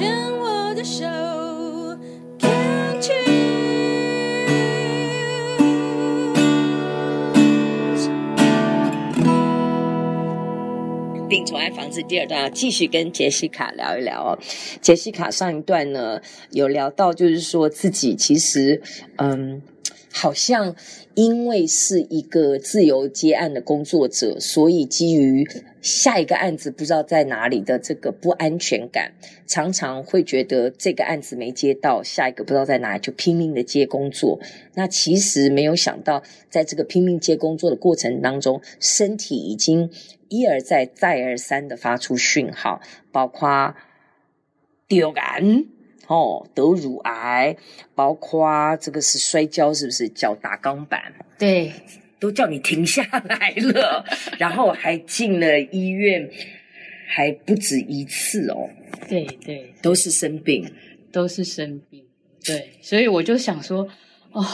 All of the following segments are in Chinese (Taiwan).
牽我的手，Can't 病蟲害防治，第二段要繼續跟潔西卡聊一聊哦。潔西卡上一段呢，有聊到就是說自己其實，嗯。好像因為是一個自由接案的工作者，所以基於下一個案子不知道在哪裡的這個不安全感，常常會覺得這個案子沒接到，下一個不知道在哪裡就拼命的接工作。那其實沒有想到，在這個拼命接工作的過程當中，身體已經一而再、再而三的發出訊號，包括丟感哦，得乳癌，包括這個是摔跤，是不是腳打鋼板？對，都叫你停下來了。 然後還進了醫院，還不止一次哦。對對，對，都是生病，都是生病。對，所以我就想說，哦，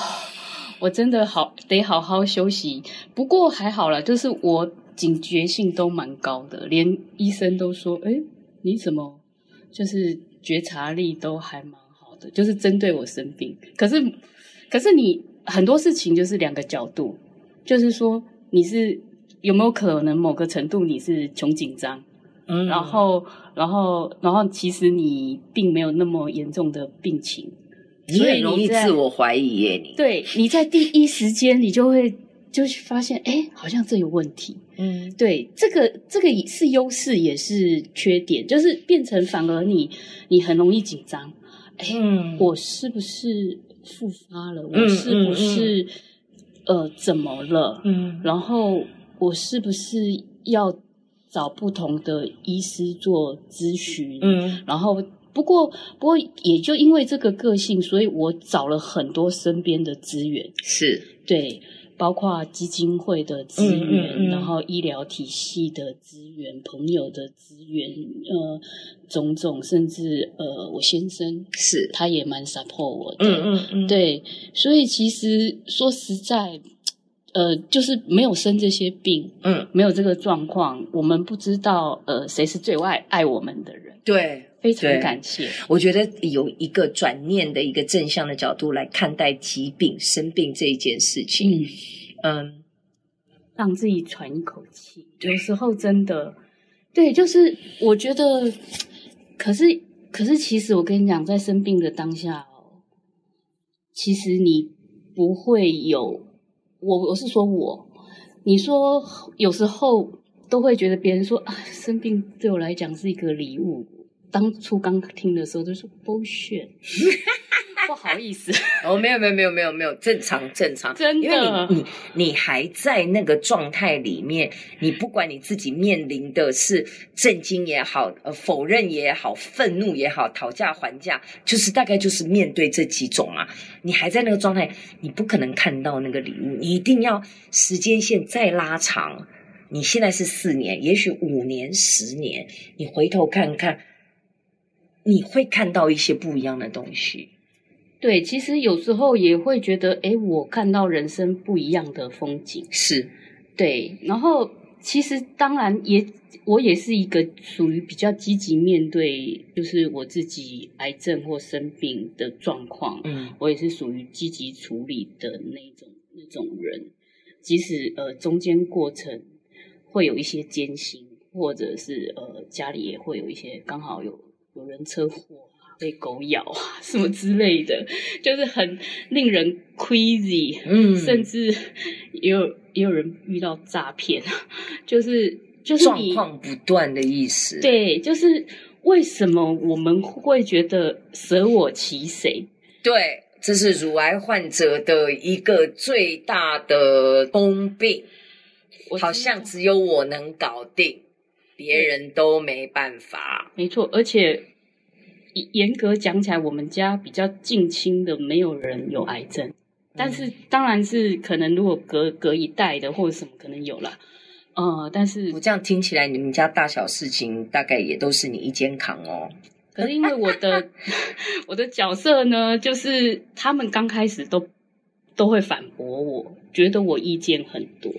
我真的好，得好好休息。不過還好了，就是我警覺性都蠻高的，連醫生都說，哎，你怎麼就是覺察力都還蠻好的，就是針對我生病。可是，可是你很多事情就是兩個角度，就是說你是有沒有可能某個程度你是窮緊張，嗯，然後，然後，然後其實你並沒有那麼嚴重的病情，你很容易自我懷疑耶你。你對，你在第一時間你就會。就是發現，哎，好像這有問題。嗯，對，這個這個是優勢，也是缺點，就是變成反而你你很容易緊張。哎、嗯，我是不是復發了？我是不是、嗯嗯嗯、呃怎麼了？嗯，然後我是不是要找不同的醫師做諮詢？嗯，然後不過不過也就因為這個個性，所以我找了很多身邊的資源。是，對。包括基金會的資源、嗯嗯嗯，然後醫療體系的資源，朋友的資源，呃，種種，甚至呃，我先生是，他也蠻 support 我的，嗯嗯嗯、對，所以其實說實在，呃，就是沒有生這些病，嗯，沒有這個狀況，我們不知道呃，誰是最愛愛我們的人，對。非常感謝。我覺得有一個轉念的一個正向的角度來看待疾病、生病這一件事情，嗯，嗯，讓自己喘一口氣。有時候真的，嗯、對，就是我覺得，可是可是，其實我跟你講，在生病的當下，其實你不會有我，我是說我，你說有時候都會覺得別人說啊，生病對我來講是一個禮物。當初剛聽的時候就說 bullshit 不好意思哦，oh，沒有沒有沒有沒有沒有，正常正常，真的，因為你你你還在那個狀態裡面，你不管你自己面臨的是震驚也好，呃否認也好，憤怒也好，討價還價，就是大概就是面對這幾種啊，你還在那個狀態，你不可能看到那個禮物，你一定要時間線再拉長，你現在是四年，也許五年、十年，你回頭看看。你會看到一些不一樣的東西，對，其實有時候也會覺得，哎，我看到人生不一樣的風景，是，對。然後，其實當然也，我也是一個屬於比較積極面對，就是我自己癌症或生病的狀況，嗯，我也是屬於積極處理的那種那種人，即使呃中間過程會有一些艱辛，或者是呃家裡也會有一些剛好有。有人車禍被狗咬啊，什麼之類的，就是很令人 crazy，嗯，甚至也有也有人遇到詐騙，就是就是狀況不斷的意思。對，就是為什麼我們會覺得舍我其誰？對，這是乳癌患者的一個最大的通病，好像只有我能搞定，別人都沒辦法。嗯，沒錯，而且。嚴格講起來，我們家比較近親的沒有人有癌症，嗯、但是當然是可能如果隔隔一代的或者什麼可能有啦。嗯、呃，但是我這樣聽起來，你們家大小事情大概也都是你一肩扛哦。可是因為我的 我的角色呢，就是他們剛開始都都會反駁我，覺得我意見很多，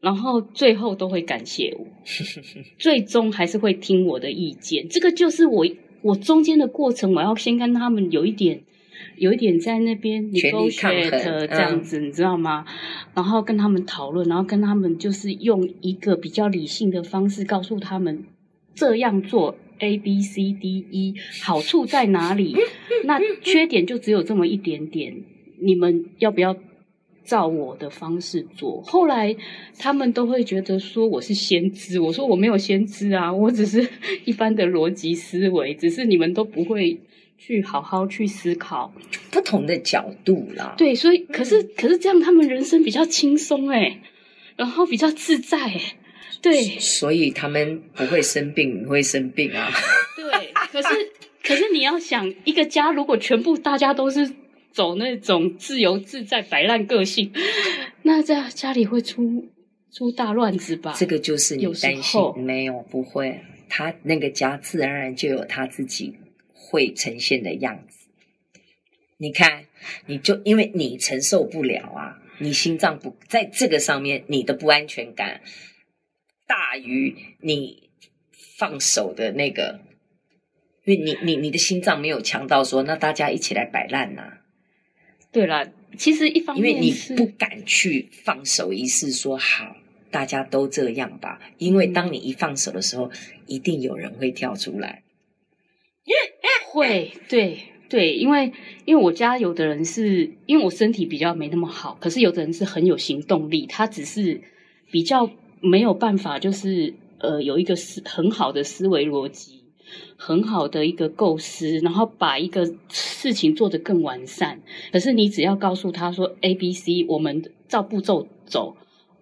然後最後都會感謝我， 最終還是會聽我的意見，這個就是我。我中間的過程，我要先跟他們有一點，有一點在那邊 negotiate 這樣子，嗯，你知道嗎？然後跟他們討論，然後跟他們就是用一個比較理性的方式告訴他們這樣做 A B C D E 好處在哪裡， 那缺點就只有這麼一點點，你們要不要？照我的方式做，後來他們都會覺得說我是先知。我說我沒有先知啊，我只是一般的邏輯思維，只是你們都不會去好好去思考不同的角度啦。對，所以可是、嗯、可是這樣，他們人生比較輕鬆誒，然後比較自在、欸，對，所以他們不會生病 會生病啊。 對，可是可是你要想一個家，如果全部大家都是。走那種自由自在擺爛個性，那在家裡會出出大亂子吧？這個就是你擔心有。沒有，不會，他那個家自然而然就有他自己會呈現的樣子。你看，你就因為你承受不了啊，你心臟不在這個上面，你的不安全感大於你放手的那個，因為你你你的心臟沒有強到說，那大家一起來擺爛吶、啊。對啦，其實一方面因為你不敢去放手一試，說好大家都這樣吧，因為當你一放手的時候，嗯、一定有人會跳出來。耶，會，對對，因為因為我家有的人是因為我身體比較沒那麼好，可是有的人是很有行動力，他只是比較沒有辦法，就是呃有一個思很好的思維邏輯。很好的一個構思，然後把一個事情做得更完善。可是你只要告訴他說 A、B、C，我們照步驟走，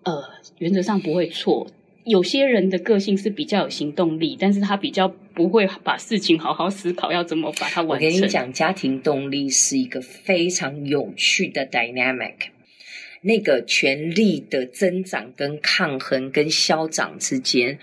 呃，原則上不會錯。有些人的個性是比較有行動力，但是他比較不會把事情好好思考，要怎麼把它完成。我跟你講，家庭動力是一個非常有趣的 dynamic，那個權力的增長跟抗衡跟消長之間。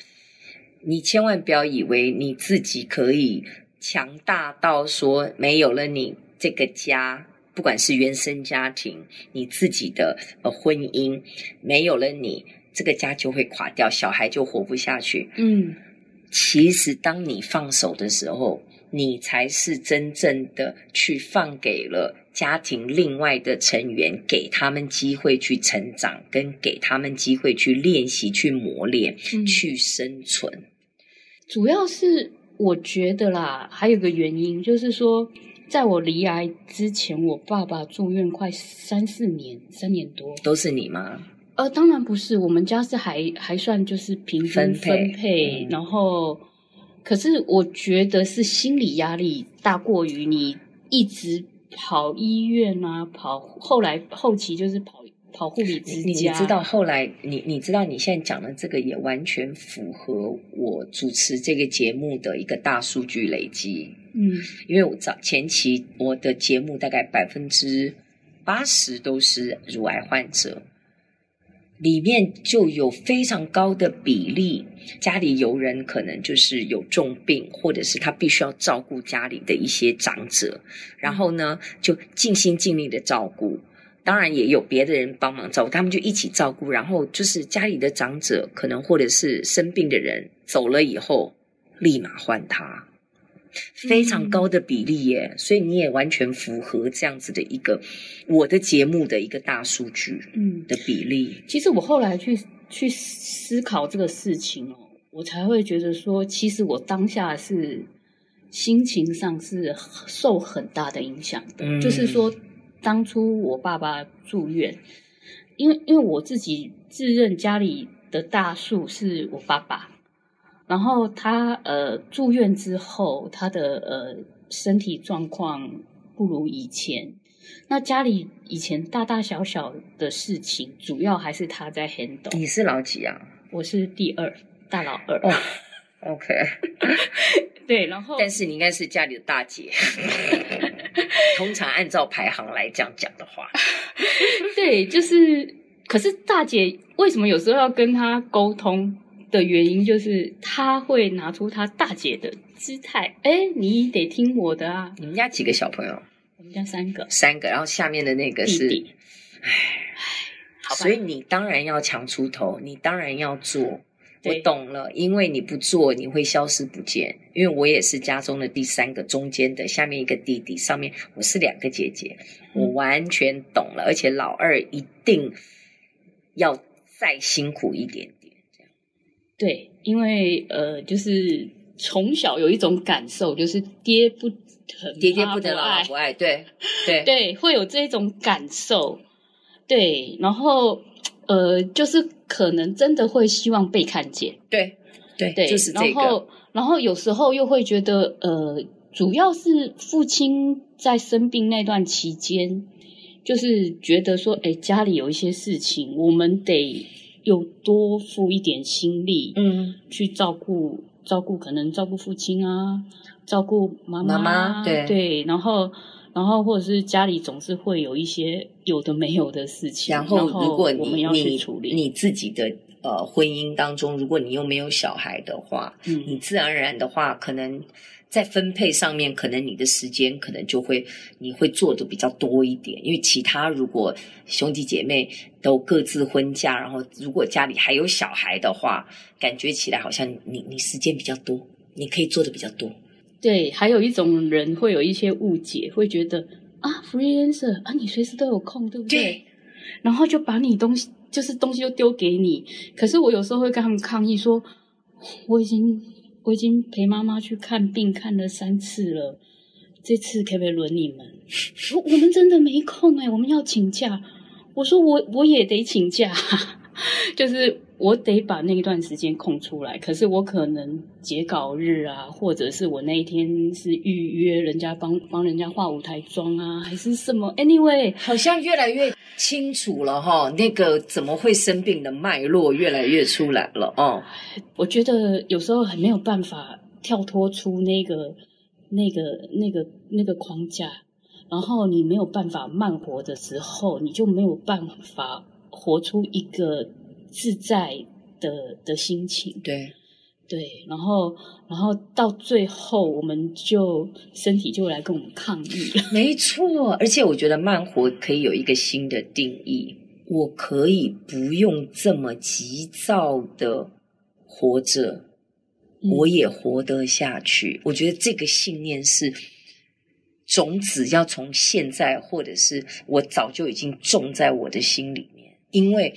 你千萬不要以為你自己可以強大到說沒有了你這個家，不管是原生家庭，你自己的呃婚姻，沒有了你這個家就會垮掉，小孩就活不下去。嗯，其實當你放手的時候，你才是真正的去放給了家庭另外的成員，給他們機會去成長，跟給他們機會去練習、去磨練、嗯、去生存。主要是我覺得啦，還有個原因就是說，在我罹癌之前，我爸爸住院快三四年，三年多都是你嗎？呃，當然不是，我們家是還還算就是平均分配，分配，然後、嗯、可是我覺得是心理壓力大過於你一直跑醫院啊，跑後來後期就是跑。跑護理之家，你知道後來，你你知道你現在講的這個也完全符合我主持這個節目的一個大數據累積。嗯，因為我早前期我的節目大概百分之八十都是乳癌患者，裡面就有非常高的比例，家裡有人可能就是有重病，或者是他必須要照顧家裡的一些長者，然後呢就盡心盡力的照顧。當然也有別的人幫忙照顧，他們就一起照顧。然後就是家裡的長者，可能或者是生病的人走了以後，立馬換他，非常高的比例耶。嗯、所以你也完全符合這樣子的一個我的節目的一個大數據嗯的比例、嗯。其實我後來去去思考這個事情哦，我才會覺得說，其實我當下是心情上是受很大的影響的，嗯、就是說。當初我爸爸住院，因為因為我自己自認家裡的大樹是我爸爸，然後他呃住院之後，他的呃身體狀況不如以前，那家裡以前大大小小的事情，主要還是他在 handle。你是老幾啊？我是第二，大老二。Oh, OK， 對，然後，但是你應該是家裡的大姐。 通常按照排行來這樣講的話 ，對，就是。可是大姐為什麼有時候要跟她溝通的原因，就是她會拿出她大姐的姿態，哎、欸，你得聽我的啊。你們家幾個小朋友？我們家三個，三個，然後下面的那個是弟弟唉。所以你當然要強出頭，你當然要做。我懂了，因為你不做，你會消失不見。因為我也是家中的第三個，中間的下面一個弟弟，上面我是兩個姐姐，我完全懂了、嗯。而且老二一定要再辛苦一點點，這樣。對，因為呃，就是從小有一種感受，就是爹不疼，爹爹不得老二不， 不愛，對對對，會有這種感受。對，然後。呃，就是可能真的會希望被看見，對對對，就是這個。然後，然後有時候又會覺得，呃，主要是父親在生病那段期間，就是覺得說，誒、哎，家裡有一些事情，我們得又多付一點心力，嗯，去照顧照顧，可能照顧父親啊，照顧媽媽、啊媽，媽，對對，然後。然後，或者是家裡總是會有一些有的沒有的事情。然後，如果你我們要處理你你自己的呃婚姻當中，如果你又沒有小孩的話，嗯，你自然而然的話，可能在分配上面，可能你的時間可能就會你會做的比較多一點。因為其他如果兄弟姐妹都各自婚嫁，然後如果家裡還有小孩的話，感覺起來好像你你時間比較多，你可以做的比較多。對，還有一種人會有一些誤解，會覺得啊，freelancer 啊，你隨時都有空，對不對？對。然後就把你東西，就是東西都丟給你。可是我有時候會跟他們抗議說，我已經，我已經陪媽媽去看病看了三次了，這次可不可以輪你們？我我們真的沒空哎，我們要請假。我說我我也得請假， 就是。我得把那一段時間空出來，可是我可能截稿日啊，或者是我那一天是預約人家幫幫人家化舞台妝啊，還是什麼？Anyway，好像越來越清楚了哈、哦，那個怎麼會生病的脈絡越來越出來了哦。我覺得有時候很沒有辦法跳脫出那個、那個、那個、那個框架，然後你沒有辦法慢活的時候，你就沒有辦法活出一個。自在的的心情，對對，然後然後到最後，我們就身體就來跟我們抗議了。沒錯，而且我覺得慢活可以有一個新的定義，我可以不用這麼急躁的活着，我也活得下去。嗯。我覺得這個信念是種子，要從現在，或者是我早就已經種在我的心裡面，因為，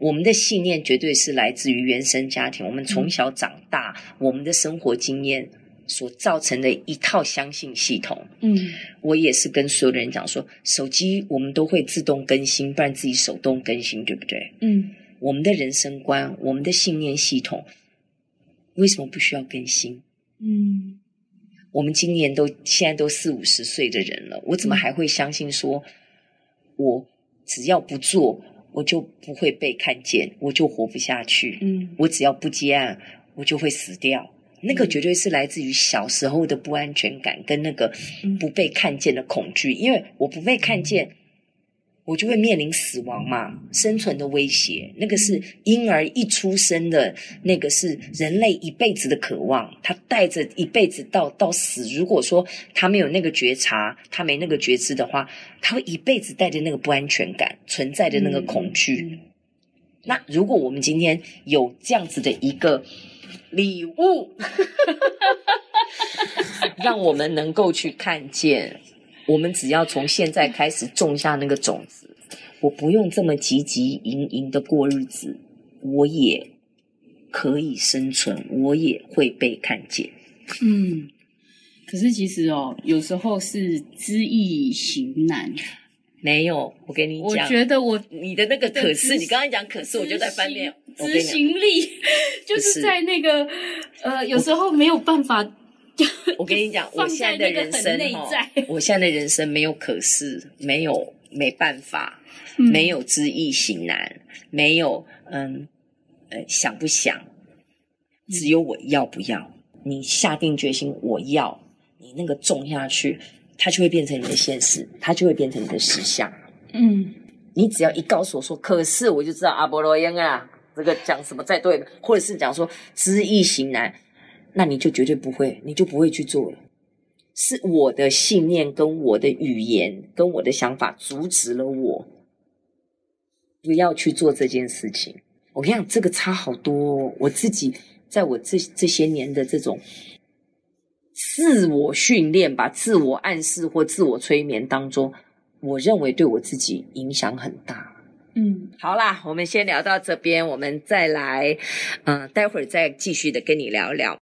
我們的信念絕對是來自於原生家庭，我們從小長大、嗯，我們的生活經驗所造成的一套相信系統。嗯，我也是跟所有的人講說，手機我們都會自動更新，不然自己手動更新，對不對？嗯，我們的人生觀、我們的信念系統，為什麼不需要更新？嗯，我們今年都現在都四五十歲的人了，我怎麼還會相信說，嗯、我只要不做？我就不會被看見，我就活不下去。嗯，我只要不接案，我就會死掉。嗯、那個絕對是來自於小時候的不安全感跟那個不被看見的恐懼，嗯、因為我不被看見。嗯我就會面臨死亡嘛，生存的威脅。那個是嬰兒一出生的，那個是人類一輩子的渴望。他帶着一輩子到到死，如果說他沒有那個覺察，他沒那個覺知的話，他會一輩子帶着那個不安全感，存在着那個恐懼。嗯、那如果我們今天有這樣子的一個禮物， 讓我們能夠去看見。我們只要從現在開始種下那個種子，我不用這麼汲汲營營的過日子，我也可以生存，我也會被看見。嗯，可是其實哦，有時候是知易行難。沒有，我跟你講，我覺得我你的那個可是，你剛剛講可是，我就在翻臉執行力，就是在那個 呃，有時候沒有辦法。 我跟你講，我現在的人生，那個喔、 我現在的人生沒有可是，沒有沒辦法，嗯、沒有知易行難，沒有嗯、呃，想不想，只有我要不要、嗯。你下定決心我要，你那個種下去，它就會變成你的現實，它就會變成你的實相。嗯，你只要一告訴我說可是，我就知道阿波羅煙啊，這個講什麼在對，或者是講說知易行難。那你就絕對不會，你就不會去做了。是我的信念跟我的語言跟我的想法阻止了我，不要去做這件事情。我跟你講，這個差好多哦。我自己在我這這些年的這種自我訓練吧、自我暗示或自我催眠當中，我認為對我自己影響很大。嗯，好啦，我們先聊到這邊，我們再來，嗯，呃，待會兒再繼續的跟你聊聊。